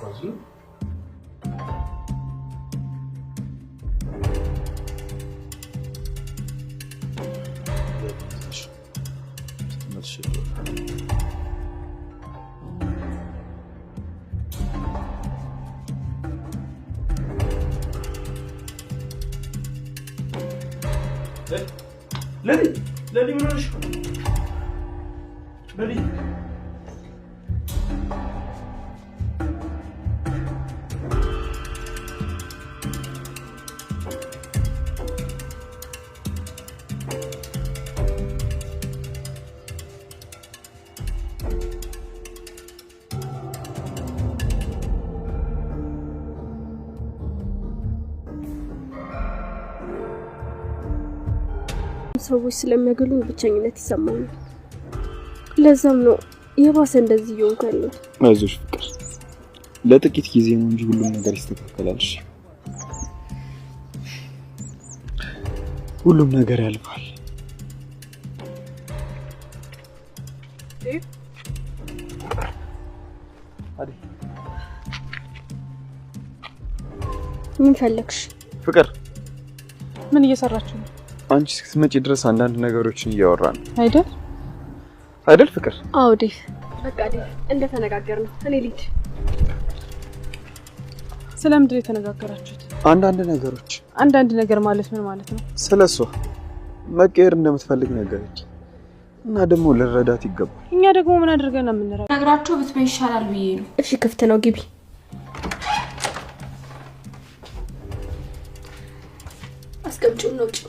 kozu. Lali, Lali, Lali, Lali, Lali, ሰዎች ስለሚያገሉኝ ብቸኝነት ይሰማኛል። ለዛም ነው የባሰ እንደዚህ እየሆንኩ ያለሁት። አይዞሽ ፍቅር፣ ለጥቂት ጊዜ ነው እንጂ ሁሉም ነገር ይስተካከላል። ሁሉም ነገር ያልፋል። ምን ፈለግሽ? ፍቅር ምን እየሰራችሁ ነው? አንቺ እስክትመጪ ድረስ አንዳንድ ነገሮችን እያወራን አይደል አይደል? ፍቅር አዎ፣ ዴፍ በቃ ዴፍ እንደተነጋገርን ነው። እኔ ልሂድ። ስለምንድን ነው የተነጋገራችሁት? አንዳንድ ነገሮች። አንዳንድ ነገር ማለት ምን ማለት ነው? ስለ እሷ መቀየር እንደምትፈልግ ነገረች እና ደግሞ ልረዳት ይገባል። እኛ ደግሞ ምን አድርገን ነው የምንረዳ? ነግራችሁ ብትበይ ይሻላል ብዬ ነው። እሺ፣ ክፍት ነው፣ ግቢ። አስገብጪው ነው ጭው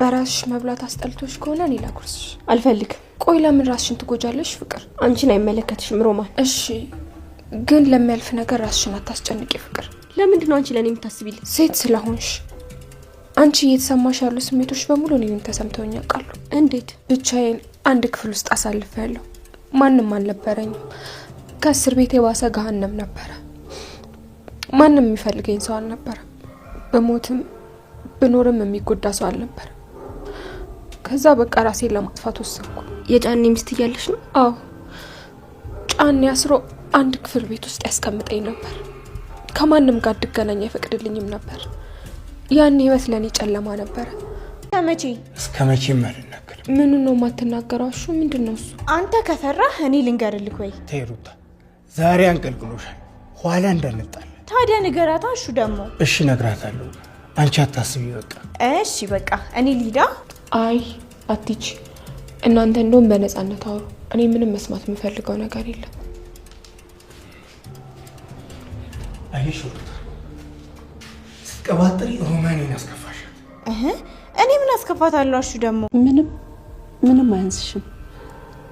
በራስሽ መብላት አስጠልቶች ከሆነ እኔ ላጉርስሽ። አልፈልግም። ቆይ ለምን ራስሽን ትጎጃለሽ? ፍቅር አንቺን አይመለከትሽም ሮማን። እሺ፣ ግን ለሚያልፍ ነገር ራስሽን አታስጨንቂ ፍቅር። ለምንድን ነው አንቺ ለእኔ የምታስቢል? ሴት ስለሆንሽ አንቺ እየተሰማሽ ያሉ ስሜቶች በሙሉ እኔን ተሰምተውኝ ያውቃሉ። እንዴት? ብቻዬን አንድ ክፍል ውስጥ አሳልፌያለሁ። ማንም አልነበረኝም። ከእስር ቤት የባሰ ገሀነም ነበረ። ማንም የሚፈልገኝ ሰው አልነበረም። በሞትም ብኖርም የሚጎዳ ሰው አልነበረም። ከዛ በቃ ራሴን ለማጥፋት ወሰንኩ። የጫኔ ሚስት እያለሽ ነው? አዎ። ጫኔ አስሮ አንድ ክፍል ቤት ውስጥ ያስቀምጠኝ ነበር። ከማንም ጋር እንድገናኝ አይፈቅድልኝም ነበር። ያን ህይወት ለእኔ ጨለማ ነበረ። ከመቼ እስከ መቼ ማልናገር? ምኑ ነው የማትናገረው? እሹ ምንድን ነው እሱ? አንተ ከፈራ እኔ ልንገርልክ ወይ? ተይ ሩታ፣ ዛሬ አንቀልቅሎሻል፣ ኋላ እንዳንጣል። ታዲያ ንገራታ እሹ ደግሞ። እሺ ነግራታለሁ። አንቺ አታስቢ። በቃ እሺ፣ በቃ እኔ ሊዳ አይ አትች እናንተ እንደውም በነፃነት አውሩ። እኔ ምንም መስማት የምፈልገው ነገር የለም። አየሽ ስትቀባጥሪ ሮማኔን እኔ ምን አስከፋታለሁ? እሺ ደግሞ ምንም ምንም አያንስሽም።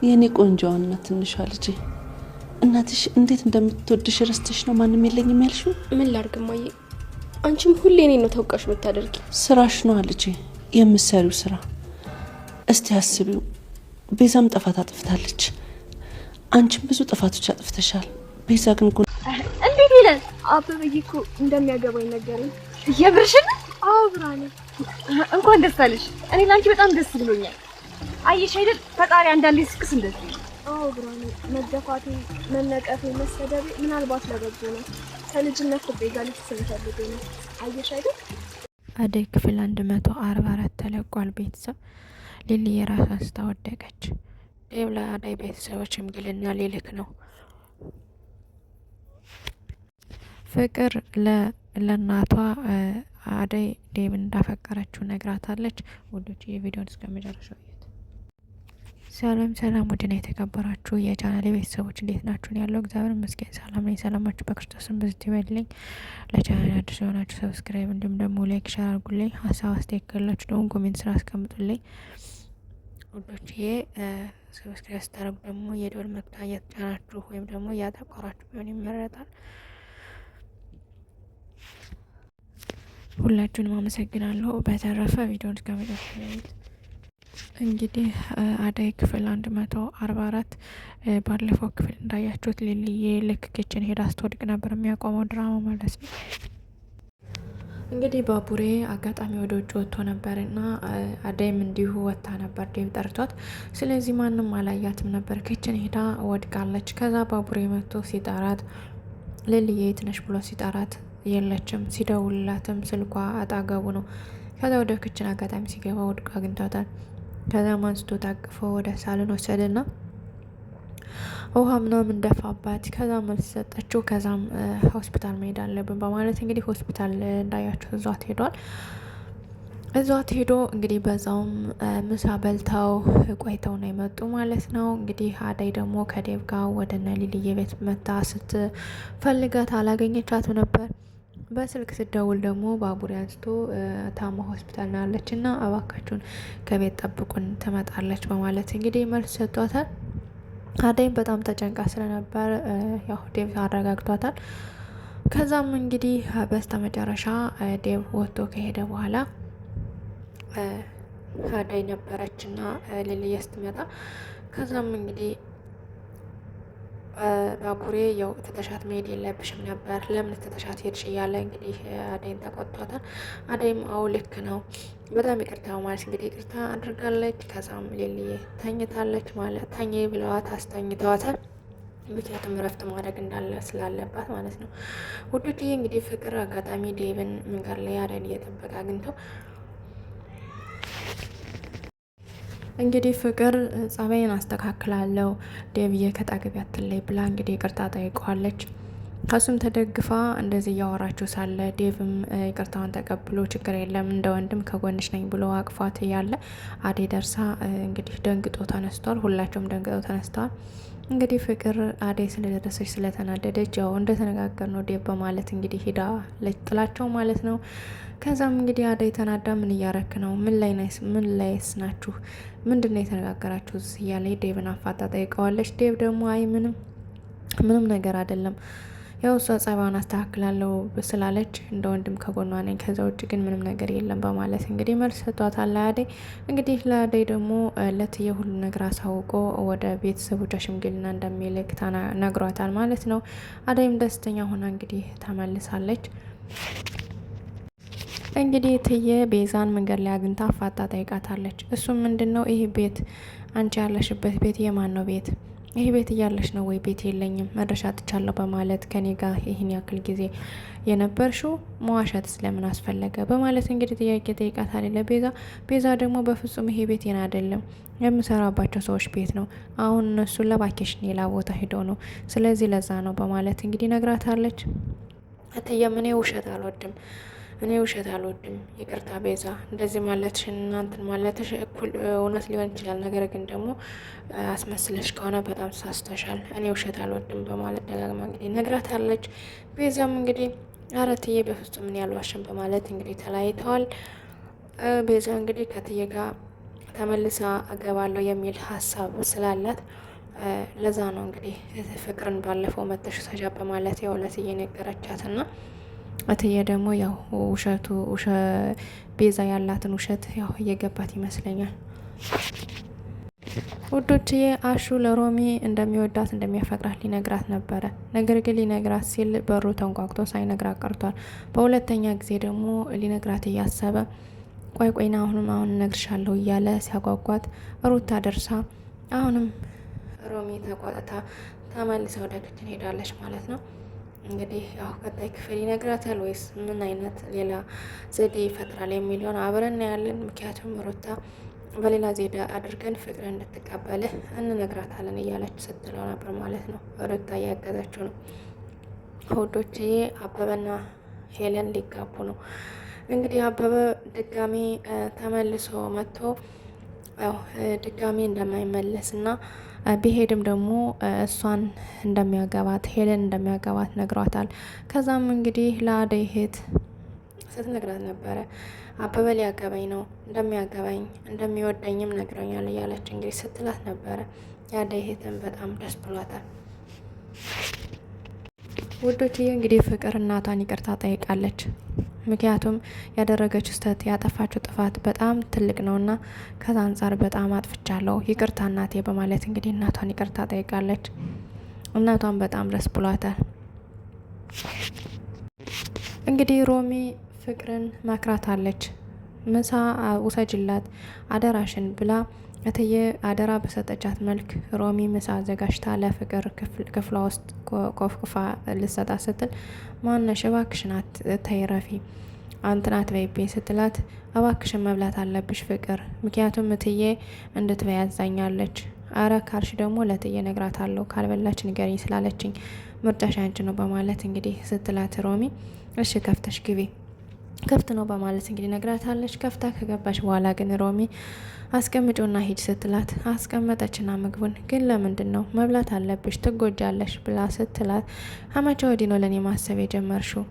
የእኔ ቆንጆዋና ትንሿ ልጅ እናትሽ እንዴት እንደምትወድሽ ረስተሽ ነው ማንም የለኝም ያልሽው? ምን ላርግማዬ፣ አንቺም ሁሌ እኔ ነው ተውቃሽ የምታደርጊ ስራሽ ነዋ ልጄ። የምትሰሪው ስራ እስቲ አስቢው። ቤዛም ጥፋት አጥፍታለች፣ አንቺም ብዙ ጥፋቶች አጥፍተሻል። ቤዛ ግን ጉ እንዴት ይለን አበበዬ እኮ እንደሚያገባኝ ነገረኝ። እየብርሽን? አዎ ብርሃኔ፣ እንኳን ደስ አለሽ። እኔ ለአንቺ በጣም ደስ ብሎኛል። አየሽ አይደል ፈጣሪ አንዳንዴ ስቅስ እንደዚህ። አዎ ብርሃኔ፣ መገፋቴ፣ መነቀፌ፣ መሰደቤ ምናልባት ለበጎ ነው። ከልጅነት ቤዛ ጋር ልትስምፈልግ ነው። አየሽ አይደል አደይ ክፍል አንድ መቶ አርባ አራት ተለቋል። ቤተሰብ ሊሊ የራሷን ስታወደቀች ይህም ለአደይ ቤተሰቦች ሽምግልና ሊልክ ነው። ፍቅር ለእናቷ አደይ ዴብ እንዳፈቀረችው ነግራታለች። ወዶች የቪዲዮን እስከ መጨረሻው ሰላም ሰላም፣ ውድና የተከበራችሁ የቻናሌ ቤተሰቦች እንዴት ናችሁ? ያለው እግዚአብሔር ይመስገን ሰላም ነኝ። ሰላማችሁ በክርስቶስም ብዙት ይበልኝ። ለቻናል አዲስ የሆናችሁ ሰብስክራይብ፣ እንዲሁም ደግሞ ላይክ ሸር አርጉልኝ። ሀሳብ አስተያየት ካላችሁ ደግሞ ኮሜንት ስራ አስቀምጡልኝ። ውዶች ይሄ ሰብስክራይብ ስታደርጉ ደግሞ የደወል ምልክቱን እየተጫናችሁ ወይም ደግሞ እያጠቆራችሁ ቢሆን ይመረጣል። ሁላችሁንም አመሰግናለሁ። በተረፈ ቪዲዮን እስከመጨረሻ እንግዲህ አደይ ክፍል አንድ መቶ አርባ አራት ባለፈው ክፍል እንዳያችሁት ሊልዬ ልክ ኪችን ሄዳ ስትወድቅ ነበር የሚያቆመው ድራማ ማለት ነው። እንግዲህ ባቡሬ አጋጣሚ ወደ ውጭ ወጥቶ ነበር እና አደይም እንዲሁ ወታ ነበር ዴብ ጠርቷት። ስለዚህ ማንም አላያትም ነበር። ኪችን ሄዳ ወድቃለች። ከዛ ባቡሬ መጥቶ ሲጠራት ልልዬ የት ነሽ ብሎ ሲጠራት የለችም። ሲደውልላትም ስልኳ አጣገቡ ነው። ከዛ ወደ ክችን አጋጣሚ ሲገባ ወድቃ አግኝቷታል። ከዛም አንስቶ ታቅፎ ወደ ሳልን ወሰደና ውሃ ምናምን እንደፋባት። ከዛም መልስ ሰጠችው። ከዛም ሆስፒታል መሄድ አለብን በማለት እንግዲህ ሆስፒታል እንዳያቸው እዟት ሄዷል። እዟት ሄዶ እንግዲህ በዛውም ምሳ በልተው ቆይተው ነው የመጡ ማለት ነው። እንግዲህ አደይ ደግሞ ከዴብ ጋር ወደ እነ ቤት መታ ስትፈልጋት አላገኘቻትም ነበር። በስልክ ስደውል ደግሞ ባቡሬ አንስቶ ታማ ሆስፒታል ናለች እና እባካችሁን ከቤት ጠብቁን ትመጣለች በማለት እንግዲህ መልስ ሰጥቷታል። አደይም በጣም ተጨንቃ ስለነበር ያው ዴቭ አረጋግቷታል። ከዛም እንግዲህ በስተ መጨረሻ ዴቭ ወጥቶ ከሄደ በኋላ አደይ ነበረች እና ሌልየ ከዛም እንግዲህ ባቡሬ ያው ትተሻት መሄድ የለብሽም ነበር ለምን ትተሻት ሄድሽ? እያለ እንግዲህ አደይን ተቆጥቷታል። አደይም አው ልክ ነው በጣም ይቅርታ ማለት እንግዲህ ይቅርታ አድርጋለች። ከዛም ሌሊዬ ተኝታለች ማለት ተኝ ብለዋት አስተኝተዋታል። ምክንያቱም እረፍት ማድረግ እንዳለ ስላለባት ማለት ነው። ውድዬ እንግዲህ ፍቅር አጋጣሚ ዴብን መንገድ ላይ አደይን እየጠበቀ አግኝተው እንግዲህ ፍቅር ጸባይን አስተካክላለሁ ደብዬ ከጣገቢ አትለይ ብላ እንግዲህ ይቅርታ ጠይቀዋለች። ከሱም ተደግፋ እንደዚህ እያወራችሁ ሳለ ዴቭም ይቅርታውን ተቀብሎ ችግር የለም እንደ ወንድም ከጎንሽ ነኝ ብሎ አቅፏት እያለ አዴ ደርሳ እንግዲህ ደንግጦ ተነስቷል። ሁላቸውም ደንግጦ ተነስተዋል። እንግዲህ ፍቅር አደይ ስለደረሰች ስለተናደደች ያው እንደተነጋገር ነው ዴብ በማለት እንግዲህ ሂዳ ጥላቸው ማለት ነው። ከዛም እንግዲህ አደይ ተናዳ ምን እያረክ ነው? ምን ላይስ ናችሁ? ምንድን ነው የተነጋገራችሁ? እያለ ዴብን አፋጣ ጠይቀዋለች። ዴብ ደግሞ አይ ምንም ምንም ነገር አይደለም ያው እሷ ጸባዋን አስተካክላለሁ ስላለች እንደ ወንድም ከጎኗ ነኝ፣ ከዛ ውጭ ግን ምንም ነገር የለም በማለት እንግዲህ መልስ ሰጥቷታል። ለአደይ እንግዲህ ለአደይ ደግሞ ለትየ ሁሉ ነገር አሳውቆ ወደ ቤተሰቦቿ ሽምግልና እንደሚልክ ነግሯታል ማለት ነው። አደይም ደስተኛ ሆና እንግዲህ ተመልሳለች። እንግዲህ ትየ ቤዛን መንገድ ላይ አግኝታ አፋጣ ጠይቃታለች። እሱም ምንድን ነው ይህ ቤት አንቺ ያለሽበት ቤት የማን ነው ቤት ይሄ ቤት እያለሽ ነው ወይ ቤት የለኝም መድረሻ አጥቻለሁ በማለት ከኔ ጋር ይህን ያክል ጊዜ የነበርሽው መዋሸት ስለምን አስፈለገ? በማለት እንግዲህ ጥያቄ ጠይቃት ለቤዛ። ቤዛ ደግሞ በፍጹም ይሄ ቤት የኔ አይደለም የምሰራባቸው ሰዎች ቤት ነው። አሁን እነሱ ለባኬሽን ሌላ ቦታ ሄደው ነው፣ ስለዚህ ለዛ ነው በማለት እንግዲህ ነግራታለች። እትዬም እኔ ውሸት አልወድም እኔ ውሸት አልወድም። ይቅርታ ቤዛ፣ እንደዚህ ማለትሽ እናንትን ማለትሽ እኩል እውነት ሊሆን ይችላል። ነገር ግን ደግሞ አስመስለሽ ከሆነ በጣም ሳስተሻል እኔ ውሸት አልወድም በማለት ደጋግማ እንግዲህ ነግራታለች። ቤዛም እንግዲህ ኧረ እትዬ በፍጹም እኔ አልዋሽም በማለት እንግዲህ ተለያይተዋል። ቤዛ እንግዲህ ከትዬ ጋር ተመልሳ እገባለሁ የሚል ሀሳብ ስላላት ለዛ ነው እንግዲህ ፍቅርን ባለፈው መተሽ ሰጃ በማለት የውለት እየነገረቻት ና እትዬ ደግሞ ያው ውሸቱ ቤዛ ያላትን ውሸት ያው እየገባት ይመስለኛል። ውዶችዬ አሹ ለሮሚ እንደሚወዳት እንደሚያፈቅራት ሊነግራት ነበረ። ነገር ግን ሊነግራት ሲል በሩ ተንቋቅቶ ሳይነግራት ቀርቷል። በሁለተኛ ጊዜ ደግሞ ሊነግራት እያሰበ ቆይ ቆይና አሁንም አሁን እነግርሻለሁ እያለ ሲያጓጓት ሩታ ደርሳ አሁንም ሮሚ ተቆጥታ ተመልሳ ወደ ክችን ሄዳለች ማለት ነው። እንግዲህ ያው ቀጣይ ክፍል ይነግራታል ወይስ ምን አይነት ሌላ ዘዴ ይፈጥራል የሚለውን አብረን እናያለን። ምክንያቱም ሩታ በሌላ ዜዳ አድርገን ፍቅር እንድትቀበልህ እንነግራታለን እያለች ስትለው ነበር ማለት ነው። ሩታ እያገዛችው ነው። ከወዶች አበበና ሄለን ሊጋቡ ነው። እንግዲህ አበበ ድጋሚ ተመልሶ መጥቶ ያው ድጋሜ እንደማይመለስ እና ቢሄድም ደግሞ እሷን እንደሚያገባት ሄለን እንደሚያገባት ነግሯታል። ከዛም እንግዲህ ለአደይ እህት ስትነግራት ነበረ አበበ ሊያገባኝ ነው እንደሚያገባኝ እንደሚወደኝም ነግረኛል እያለች እንግዲህ ስትላት ነበረ። የአደይ እህትን በጣም ደስ ብሏታል። ውዶችዬ እንግዲህ ፍቅር እናቷን ይቅርታ ጠይቃለች። ምክንያቱም ያደረገችው ስህተት ያጠፋችው ጥፋት በጣም ትልቅ ነው እና ከዛ አንጻር በጣም አጥፍቻለሁ፣ ይቅርታ እናቴ በማለት እንግዲህ እናቷን ይቅርታ ጠይቃለች። እናቷን በጣም ደስ ብሏታል። እንግዲህ ሮሚ ፍቅርን መክራታለች። ምሳ ውሰጅላት አደራሽን ብላ እትዬ አደራ በሰጠቻት መልክ ሮሚ ምሳ አዘጋጅታ ለፍቅር ክፍሏ ውስጥ ኮፍክፋ ልሰጣ ስትል ማነሽ እባክሽናት ተይረፊ አንትናት በይቤ ስትላት እባክሽን መብላት አለብሽ ፍቅር፣ ምክንያቱም እትዬ እንድትበይ አዛኛለች። አረ ካልሽ ደግሞ ለትዬ ነግራት አለው ካልበላች ንገሪኝ ስላለችኝ ምርጫሽ አንቺ ነው በማለት እንግዲህ ስትላት ሮሚ እሺ ከፍተሽ ግቢ ክፍት ነው በማለት እንግዲህ ነግራታለች። ከፍታ ከገባች በኋላ ግን ሮሚ አስቀምጮና ሂድ ስትላት አስቀመጠችና ምግቡን ግን ለምንድን ነው መብላት አለብሽ ትጎጃለሽ ብላ ስትላት አመቻ ወዲህ ነው ለእኔ ማሰብ የጀመርሽው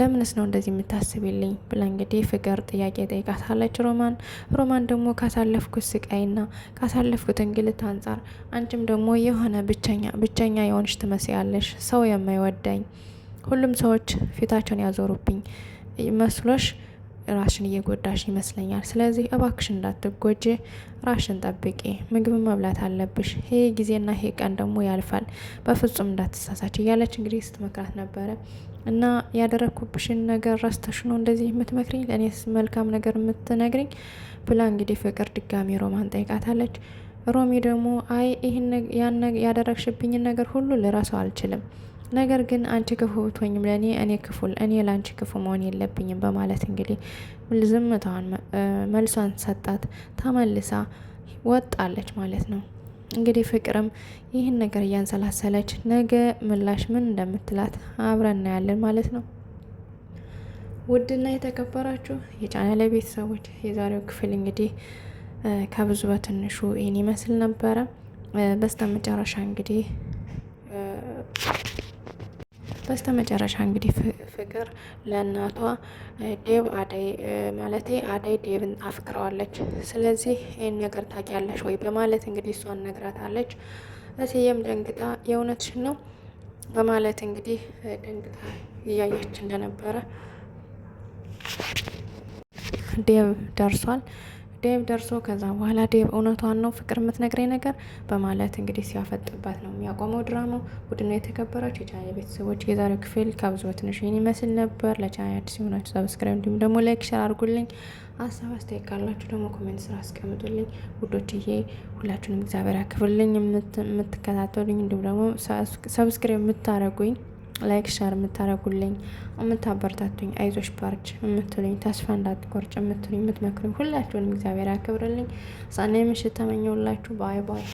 ለምንስ ነው እንደዚህ የምታስብልኝ ብላ እንግዲህ ፍቅር ጥያቄ ጠይቃታለች ሮማን ሮማን ደግሞ ካሳለፍኩት ስቃይና ካሳለፍኩት እንግልት አንጻር አንቺም ደግሞ የሆነ ብቸኛ ብቸኛ የሆንሽ ትመስያለሽ ሰው የማይወዳኝ ሁሉም ሰዎች ፊታቸውን ያዞሩብኝ መስሎሽ ራሽን እየጎዳሽ ይመስለኛል። ስለዚህ እባክሽ እንዳትጎጂ ራሽን ጠብቂ። ምግብ መብላት አለብሽ። ይሄ ጊዜና ይሄ ቀን ደግሞ ያልፋል። በፍጹም እንዳትሳሳች እያለች እንግዲህ ስትመክራት ነበረ። እና ያደረግኩብሽን ነገር ረስተሽ ነው እንደዚህ የምትመክሪኝ? ለእኔስ መልካም ነገር የምትነግርኝ ብላ እንግዲህ ፍቅር ድጋሚ ሮማን ጠይቃታለች። ሮሚ ደግሞ አይ ይህን ያደረግሽብኝን ነገር ሁሉ ልረሳው አልችልም ነገር ግን አንቺ ክፉ ብትሆኝም ለእኔ እኔ ክፉ እኔ ለአንቺ ክፉ መሆን የለብኝም በማለት እንግዲህ ዝምታዋን መልሷን ሰጣት። ተመልሳ ወጣለች ማለት ነው። እንግዲህ ፍቅርም ይህን ነገር እያንሰላሰለች ነገ ምላሽ ምን እንደምትላት አብረን እናያለን ማለት ነው። ውድና የተከበራችሁ የቻናሌ ቤተሰቦች የዛሬው ክፍል እንግዲህ ከብዙ በትንሹ ይህን ይመስል ነበረ። በስተመጨረሻ እንግዲህ በስተ መጨረሻ እንግዲህ ፍቅር ለእናቷ ዴብ አደይ ማለት አደይ ዴብን አፍቅረዋለች። ስለዚህ ይህን ነገር ታውቂያለሽ ወይ በማለት እንግዲህ እሷን ነግራታለች። እትዬም ደንግጣ የእውነትሽን ነው በማለት እንግዲህ ደንግጣ እያየች እንደነበረ ዴብ ደርሷል። ዴቭ ደርሶ ከዛ በኋላ ዴቭ እውነቷን ነው ፍቅር የምትነግረኝ ነገር በማለት እንግዲህ ሲያፈጥባት ነው የሚያቆመው ድራማው። ቡድኑ የተከበራችሁ የቻናል ቤተሰቦች የዛሬው ክፍል ከብዙ ትንሽ ይህን ይመስል ነበር። ለቻናል አዲስ የሆናችሁ ሰብስክራይብ እንዲሁም ደግሞ ላይክ፣ ሸር አድርጉልኝ። ሀሳብ አስተያየት ካላችሁ ደግሞ ኮሜንት ስራ አስቀምጡልኝ። ውዶችዬ ሁላችሁንም እግዚአብሔር ያክፍልኝ። የምትከታተሉኝ እንዲሁም ደግሞ ሰብስክራይብ የምታደርጉኝ ላይክ፣ ሸር የምታደረጉልኝ የምታበረታቱኝ፣ አይዞሽ ባርች የምትሉኝ፣ ተስፋ እንዳትቆርጭ የምትሉኝ፣ የምትመክሩኝ ሁላችሁንም እግዚአብሔር ያክብርልኝ። ጻና ምሽት ተመኘውላችሁ። ባይ ባይ።